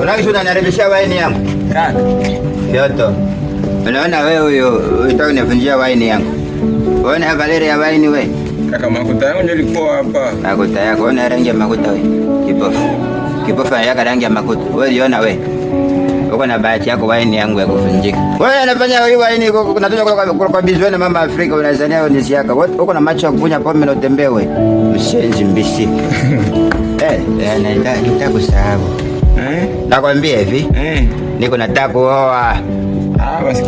Unakisha waini yangu Kyoto, unaona wewe huyo, unataka kunifunjia waini yangu. Ona Valeria ya waini wewe. Kaka makuta yangu ndio ilikuwa hapa. Makuta yako, ona rangi ya makuta wewe. Kipofu. Kipofu ya rangi ya makuta. Wewe uliona wewe. kwa na bahati yako, waini yangu ya kufunjika. Wewe anafanya hiyo waini unatoka kwa kwa kwa bizwe na mama Afrika unazania wewe ni yako. Uko na macho ya kuvunya pombe na utembee wewe. Mshenzi mbisi. Eh, eh, nitakusahau. Eh? Nakwambia hivi. Eh. Niko nataka kuoa. Ah, basi.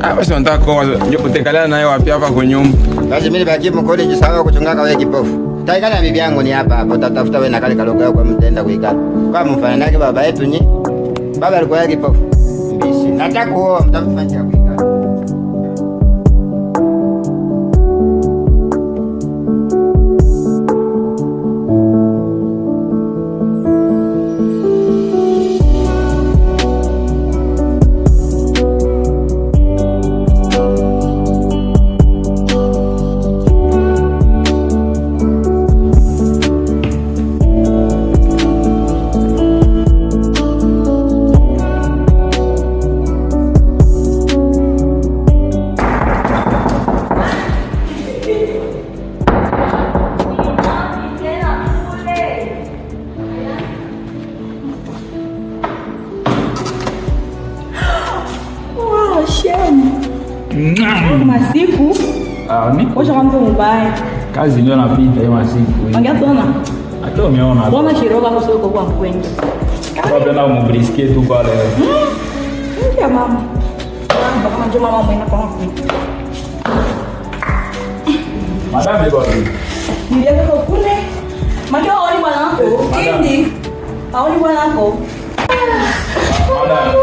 Ah, basi nataka kuoa. Njopo tekalana naye wapi hapa kwa nyumba. Basi mimi baki mkole jisawa kuchungaka wewe kipofu. Taikana bibi yangu ni hapa hapo, tatafuta wewe na kale kalogao kwa mtenda kuikata. Kwa mfano nake baba yetu nyi Baba alikuwa kipofu. Mbishi. Nataka kuoa mtakufanya kazi ndio napita hiyo masiku. Wangatona? Hata umeona. Bwana shiroga kusoko kwa kwa mkwenda. Kwa bena umbrisikie tu pale. Hmm? Ndio mama. Mama njoo mama mwenda kwa mkwenda. Madame iko wapi? Ndio kwa kule. Macho aoni bwana wako. Kendi. Aoni bwana wako. Madame.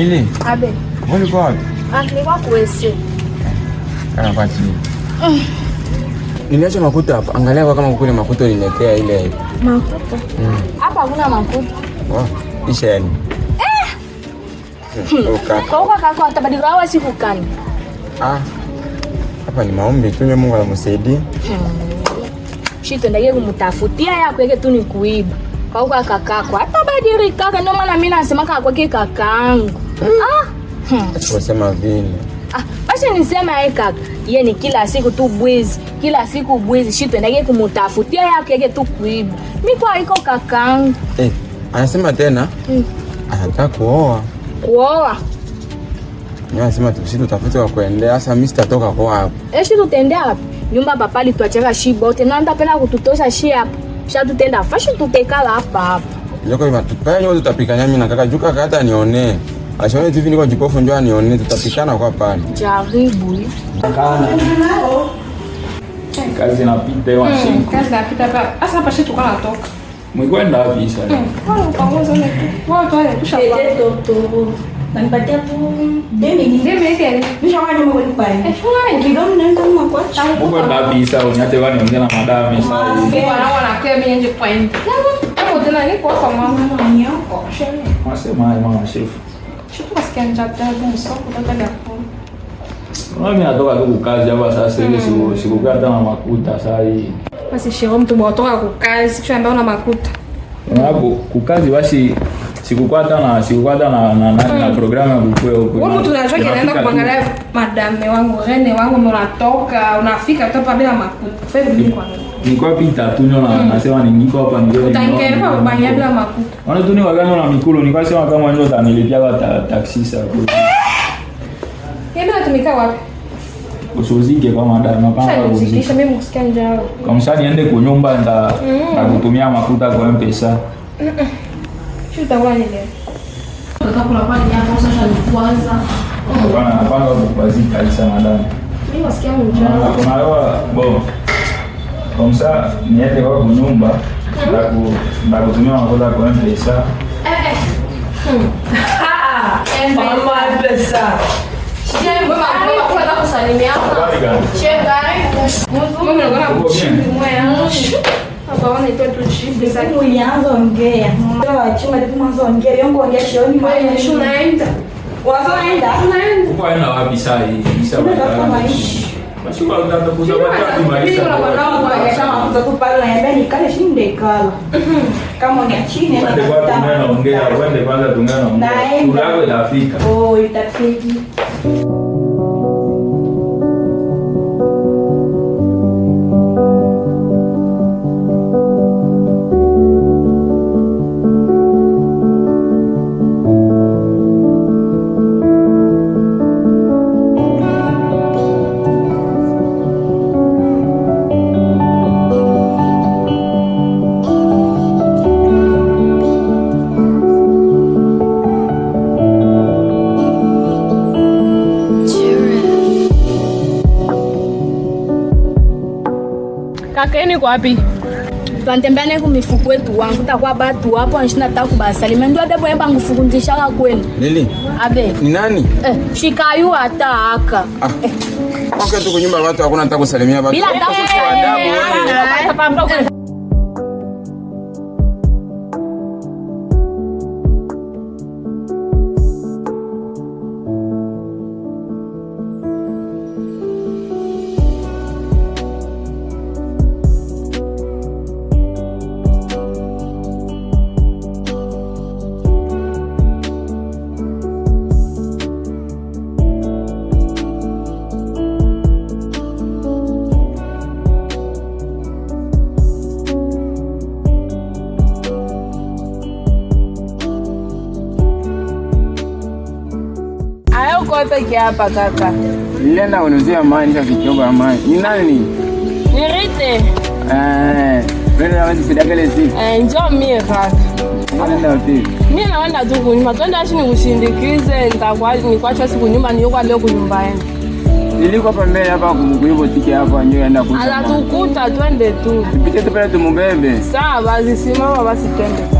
Nini? Abe. Wewe uko wapi? Ah, nilikuwa kuwese. Kana kwa chini. Mm. makuta hapa. Angalia kwa kama kuna makuta uniletea ile. Makuta? Mm. Hapa hakuna makuta. Wao, isha yani. Eh. Hmm. Hmm. Uka. Kwa kwa kwa kaka atabadilika si kukani. Ah. Hapa ni maombi tu Mungu amsaidie. Mm. Shito ndaye kumtafutia yako yake tu ni kuiba. Kwa kwa kaka kwa atabadilika, ndio maana mimi nasema kaka kwake kakaangu. Wasema vile basi ah, nisema yeye eh, kaka, yeye ni kila siku tu bwizi, kila siku bwizi, shipendage kumutafutia yake yake tu kuiba. Mimi kwa iko kakangu eh, anasema tena mm, anataka kuoa kuoa. Mimi anasema tu sisi tutafute wa kuendea. Sasa mimi sitatoka kwa hapo eh, sisi tutendea wapi? Nyumba papa alituachaka shiba wote na ndapenda kututosha shi hapo, sasa tutenda fashi tutekala hapa hapa, ndio kwa hivyo tutapika nyama na kaka juka kata nione Asione TV niko jikofu njoo anione tutapikana kwa pale. Jaribu. Kazi inapita hiyo hmm, shinku. Kazi inapita hapa. Sasa hapa shetu hmm, kwa natoka. Mwikwenda wapi sasa? Kwa pamoja ni. Wao tu wale tusha kwa. Ndio tu. Na tu. Demi demi yake. Nisha kwa nyumba kwa Eh, shule ni dogo na ndio mwa kwa. Mwikwenda wapi sasa? Unyate wani ongea na madam sasa. Wao wanakaa mimi nje kwa nje. Hapo yaani, tena niko kwa mama nyako. Shule. Wasema mama shefu. Mimi natoka tu kukazi hapa sasa hivi mm. Sikukaa hata na makuta saa hii. Basi shero mtu botoka kukazi kisha ambao na makuta. Hapo kukazi basi sikukaa hata na sikukaa hata na na, na, na mm. programu ya kukua huko. Wewe mtu unajua kinaenda kuangalia madame wangu, Rene wangu, mnatoka unafika tu bila makuta. Sasa mimi kwa nini? nilikuwa pita tunyo na mm. nasema ningiko hapa ndio utaingereva banyaga maku wana tuni wagano na mikulu nilikuwa sema kama ndio tanilipia ta, taksi sasa yeye anatumika wapi usuzike kama ndio mapanga kuzikisha mimi mkusikia njaa kama sasa niende kwa nyumba nda mm. na kutumia mafuta kwa mpesa shuta wani leo kaka kuna kwa nini hapo sasa ni kwanza bwana napanga kupazika kabisa madam mimi nasikia njaa kuna leo bo Komsa niende kwa kunyumba Baku, baku tumia kwa mpesa. unaenda wapi sasa hii basi kwa dada kuza watatu maisha. Kwa kama kwa kama kutakuwa pale na yeye nikale shinde kala. Kama ni chini na kwa tunaongea, wende kwanza tunaongea. Tunawe Afrika. Oh, itafiki. wapi? Twantembea huku mifuku yetu wangu takuwa batu wapo anshina taku basalima ndio adabu yemba ngufukundisha wa kwenu. Lili? Abe. Ni nani? Eh, shikayu hata aka. Ah. Eh. Kwa kitu kunyumba watu hakuna taku salimia batu. Bila taku adabu. peke hapa kaka. Nilienda kunuzia maji sasa kichoba ya maji. Ni nani? Ni Rite. Eh, wewe unaweza kusidaga ile si. Eh, njoo mie kaka. Unaenda wapi? Mimi naenda tu kunyuma. Twende ashi nikushindikize, nitakuwa nikwacha siku nyuma niokuwa leo kunyumba yenu. Niliko hapa mbele hapa kumkuibo tiki hapa ndio enda kunyumba. Ala tukuta twende tu. Tupite tu pale tumumbebe. Sawa, basi simama basi twende.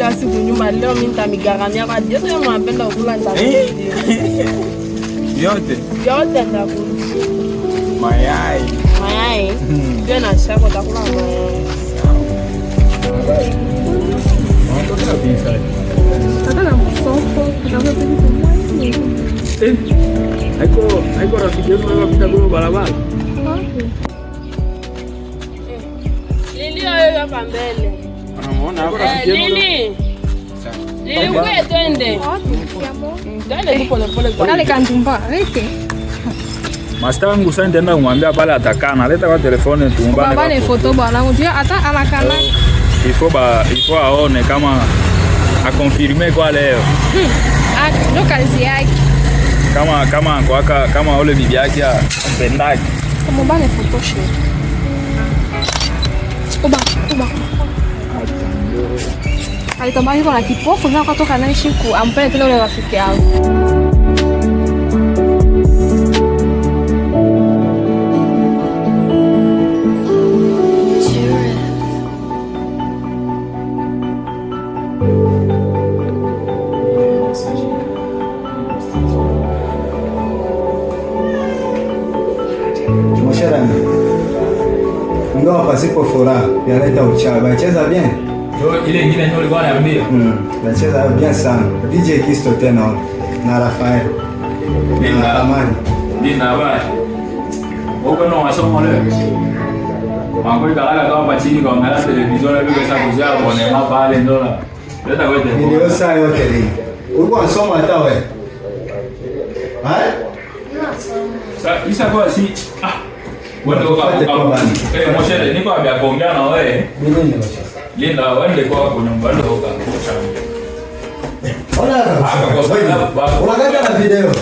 kila siku nyuma. Leo mimi nitamigaramia kwa Yesu, yeye anapenda kula eh? yote yote, ndakula mayai mayai pia hmm. na shako, ndakula mayai haiko rafiki yetu anapita kwa barabara eh, lilio hapa mbele Eh, Masta wangu sasa nitaenda kumwambia pale atakaa leta kwa telefoni tumbane. Baba foto bwanangu ndio hata alakana. Eh, ifo ba ifo aone kama akonfirme kwa leo. Hmm. Ah, ndio kazi yake. Kama kama kwa kama bibi yake Oba, oba alitamani hivyo na kipofu na akatoka naye shiku ampende tena ule rafiki yangu. Moshera, ndoa pasipo furaha yaleta uchawi. Cheza bien ile ingine ndio alikuwa ananiambia mm, nacheza bien sana DJ Kisto tena na Rafael na Amani na habari Wako na wasomo leo Mangoi kalala kama chini kwa ngala televizion na vile sababu zao kwa mama pale ndo na leta wewe ni leo saa yote ni ulikuwa unasoma hata wewe Ha? sasa isa kwa si ah wewe ndio kwa kwa kwa kwa kwa kwa kwa kwa kwa kwa kwa lina waende kwa kuna mbando ukakuta. Unakata na video.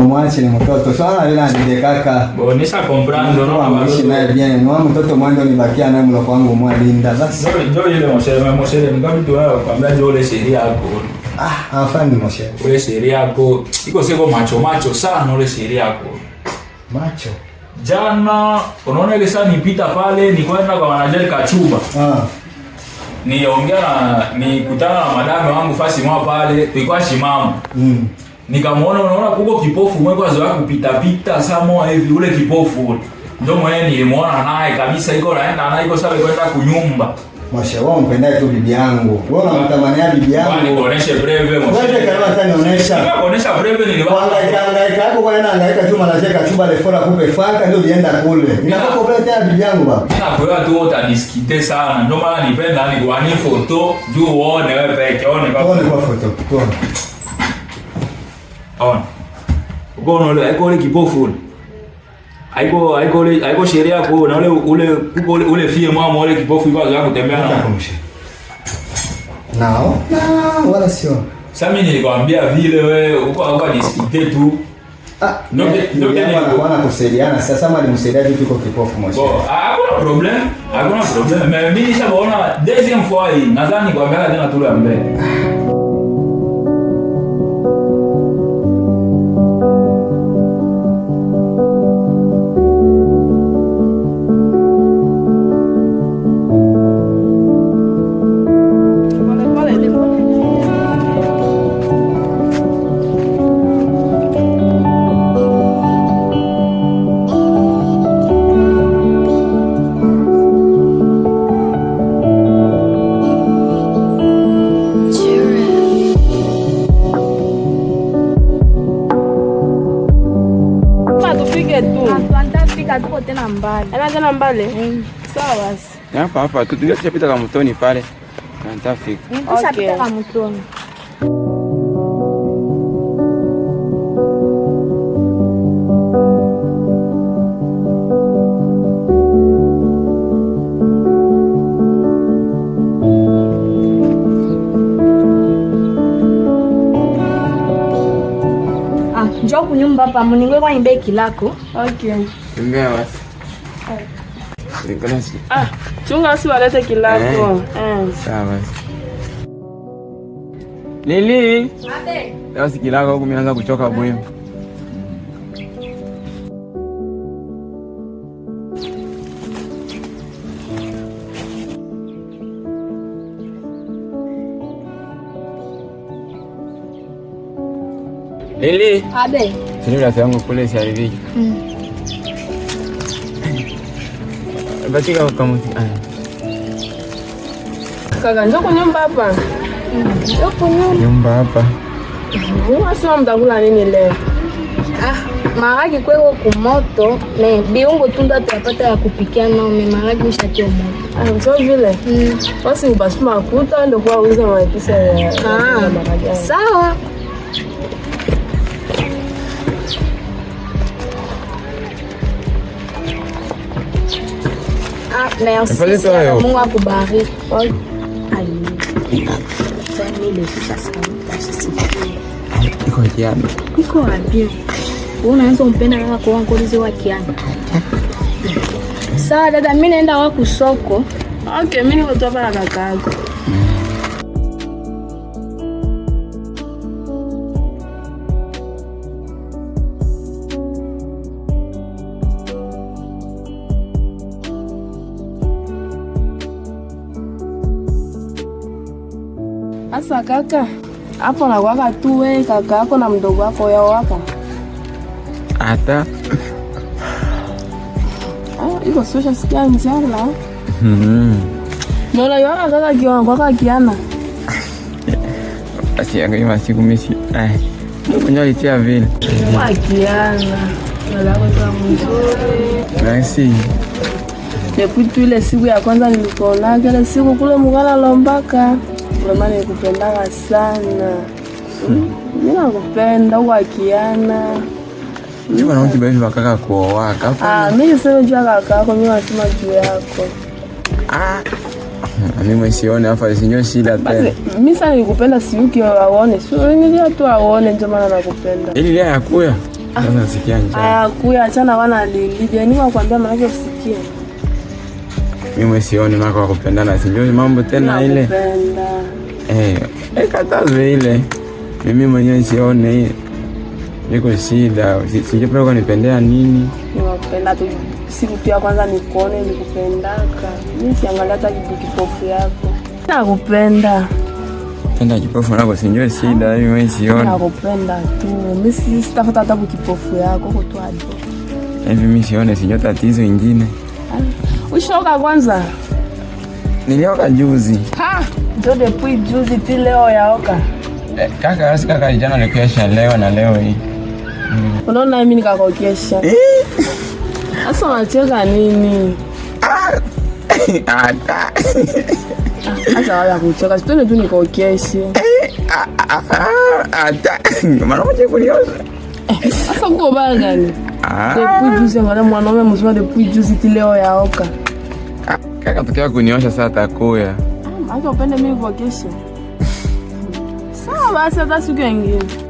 Mwache ni mtoto sana lina ndiye kaka. Bonisha comprando no mwache naye bien. Mwa mtoto mwendo ni bakia naye mlo kwangu mwalinda. Sasa ndio ile mshele mshele ngapi tu wao kwambia ndio ile sheria yako. Ah, afanye mshele. Ile sheria yako iko siko macho macho sana ile sheria yako. Macho. Jana unaona ile saa nipita pale nikwenda kwa manager Kachuba. Ah. Niongea na nikutana na madame wangu fasi mwa pale tulikuwa shimamu. Mm. Nikamwona unaona kuko kipofu kwa azoea kupita pita samo hivi ule kipofu ule. Ndio mwenye nilimwona naye kabisa iko naenda naye iko sawa kwenda kunyumba. Mwasha wao mpendaye tu bibi yangu. Wewe unamtamania bibi yangu. Kwani kuonesha breve mwasha. Wewe kama sasa nionyesha. Kama kuonesha breve ni wapi? Hangaika hangaika hapo kwa nini hangaika tu mara zeka chumba le fora kupe faka ndio lienda kule. Ninataka kuolewa tena bibi yangu baba. Ninapoa tu wote adiskite sana. Ndio maana nipenda ni kwa ni foto juu uone wewe peke uone kwa. Uone kwa foto. Uone. Uone. Uko na ile kipofu. Haiko haiko ile haiko sheria yako na ule ule kuko ule, ule fie mama ule kipofu yuko akaanza kutembea na kumshi. Nao na wala sio. Sasa mimi nilikwambia vile we uko hapa disikite tu. Ah, no ndio ndio wana kusaidiana. Sasa mali msaidia vipi kwa kipofu mmoja? Bo, hakuna problem. Hakuna problem. Mimi nishaona deuxième fois hii. Nadhani kwa mbele tena tule mbele. tena mbali. Tena tena mbali. Mm. Sawa basi. Hapa hapa tutapita kama mtoni pale. Na nitafika. Nitapita kama mtoni. kamuningo kwa imbe kilako. Okay. Imbe basi. Ah, chunga usiwalete kilako. Eh. eh. Sawa basi. Lili. Mate. Leo sikilako huku mimi kuchoka bwe. Lili. Abe. Rafiki yangu kule siariviki katika mm. kamuti ah. kaka, njoo kwa hapa, njoo kwa nyumba hapa. Uwasiwa mtakula nini leo? Ah, maragi kweko kumoto me biungo tunda tuyapata ya kupikia nome maragi mshatio moto so ah, vile mm. basi, ubasuma kuta ndokuwa uza maipisa ya ah, maragi sawa sana na ya usisi. Mungu Iko wapi? Iko wapi? Unaanza umpenda kaka kwa ngolizi wa kiani. Sawa dada, mimi naenda waku soko. Okay, mimi niko tu hapa na kaka yako. kaka, hapo nakwaka tu we kaka yako na mdogo wako yao waka hata iko sosha sikia njala nola yao kaka kiona kwaka kiana basi yangu ima siku misi ai eh, unyo litia vile kwa kiana Merci. Depuis mzuri les siku ya kwanza nilikuona kile siku kule mukala lombaka Romana nikupendaga sana. Mimi nakupenda uwakiana. Njoo na ukibe hivi kaka kwa waka. Ah, juu yako. Ah. Mimi shida tena. Basi nikupenda siuki aone. tu aone ndio nakupenda. Ili leo yakuya. Ah, Sasa achana wana lilije. Ni mimi sioni mako wa kupendana, sijui mambo tena ile eh, eh, katazwe ile. Mimi mwenyewe sione niko shida, sijui kwa nipendea nini. Niwapenda tu siku tu ya kwanza nikuone nikupendaka. Mimi siangalia hata kipofu yako. Nakupenda. Penda kipofu nako sijui shida hiyo, mimi sioni. Nakupenda tu. Mimi sitafuta hata kipofu yako kwa tu hapo. Hivi mimi sione sijui tatizo ingine. Ah. Ushoga kwanza? Nilioka juzi. Ha, jode pui juzi ti leo yaoka. Eh, kaka asi kaka jana nikuesha leo na leo hii. Mm. Unaona mimi nikakokesha. Eh. Asa unacheka nini? Ah! Ata. Asa ah, wala kucheka. Sipende tu nikokeshe. Eh, ah, Ata. Maana mje kulioza. Sasa uko baya gani? Depuis juzi angalia mwanaume depuis juzi ti leo yaoka. Kaka tokea kuniosha saa Acha upende mimi kwa kesho. Sawa basi hata siku nyingine.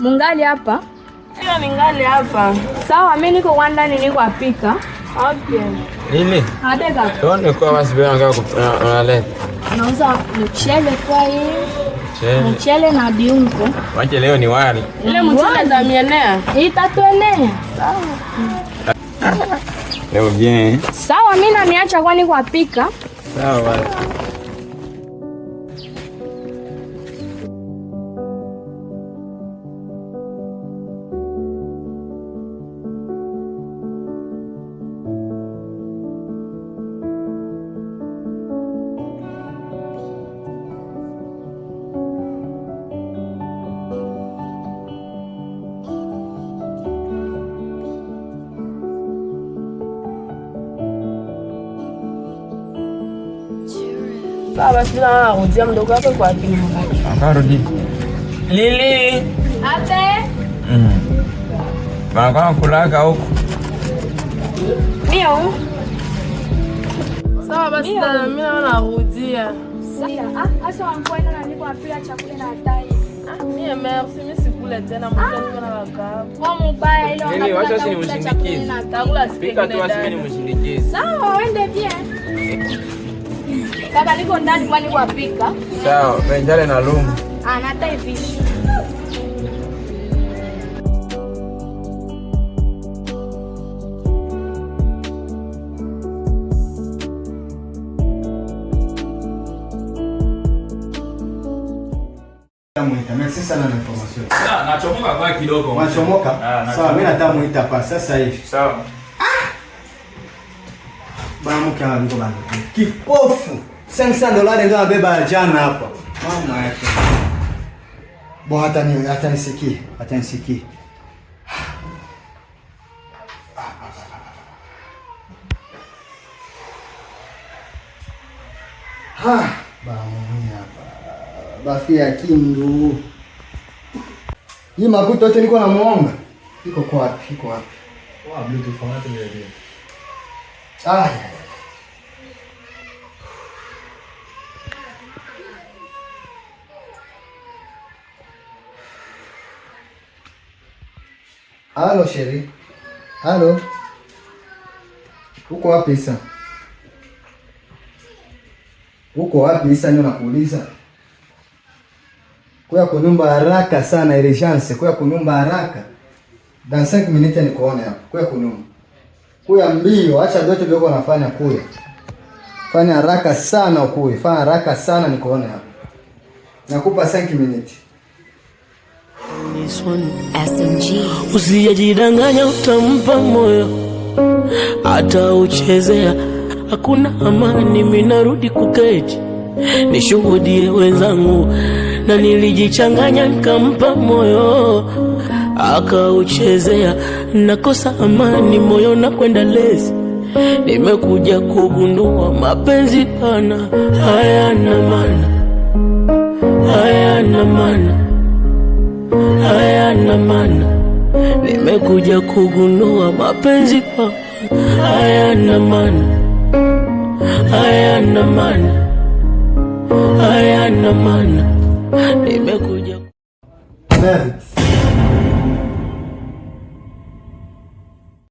Mungali hapa? Ndio, ningali hapa. Sawa, mimi niko wandani niko apika. Okay. Lili. Adeka. Tuone kwa basi bila ngao unaleta. Nauza mchele kwa hii. Mchele na viungo. Wacha leo ni wali. Ile mchele za mienea. Hii Itatuenea. Sawa. Leo bien. Sawa, mimi na niacha kwani kwa pika. Sawa. Anarudia mdogo wake kwa pili. Akarudi. Lili. Ape. Mm. Baba kulaka huko. Mio. Sawa basi ah, na mimi narudia. Ah, asa wangu ina nani kwa pila chakula na atai. Ah, mimi merci mimi sikule tena mmoja ah. niko na wakaa. Kwa mbaya ile wangu. Mimi wacha sinimushindikize. Takula sikia. Pika tu asini nimushindikize. Sawa, wende pia. Kaka niko ndani kwani wapika. Sawa, penjale na lumu. Ah, hivi. Nachomoka. Ah, Sawa, mimi nataka muita pa sasa hivi. Sawa. Ah! Bana mke wangu bana. Kipofu. 500 dola ndio anabeba jana hapa. Mama yake. Bo hata ni hata nisikii, hata nisikii. Ha, ba mwenye hapa. Basi ya kindu. Hii makuta yote niko namuomba. Iko kwa wapi? Iko wapi? Wa Bluetooth fanya tena. Ah. Halo Sheri, halo, uko wapi Isa? Uko wapi Isa? Ndio nakuuliza. Kuya kunyumba haraka sana, urgence. Kuya kunyumba haraka, dans 5 minutes kuona hapo. Kuya kunyumba, kuya mbio, acha vyote vyote unafanya. Kuya fanya haraka sana, ukuye fanya haraka sana, nikuone hapo. Nakupa 5 minutes. Usijidanganya, utampa moyo hata uchezea. Hakuna amani, minarudi kuketi nishuhudie wenzangu, na nilijichanganya nikampa moyo akauchezea. Nakosa amani moyo na kwenda lezi, nimekuja kugundua mapenzi pana hayana maana, hayana maana hayana maana, nimekuja kugundua mapenzi pa hayana maana, hayana maana, hayana maana, nimekuja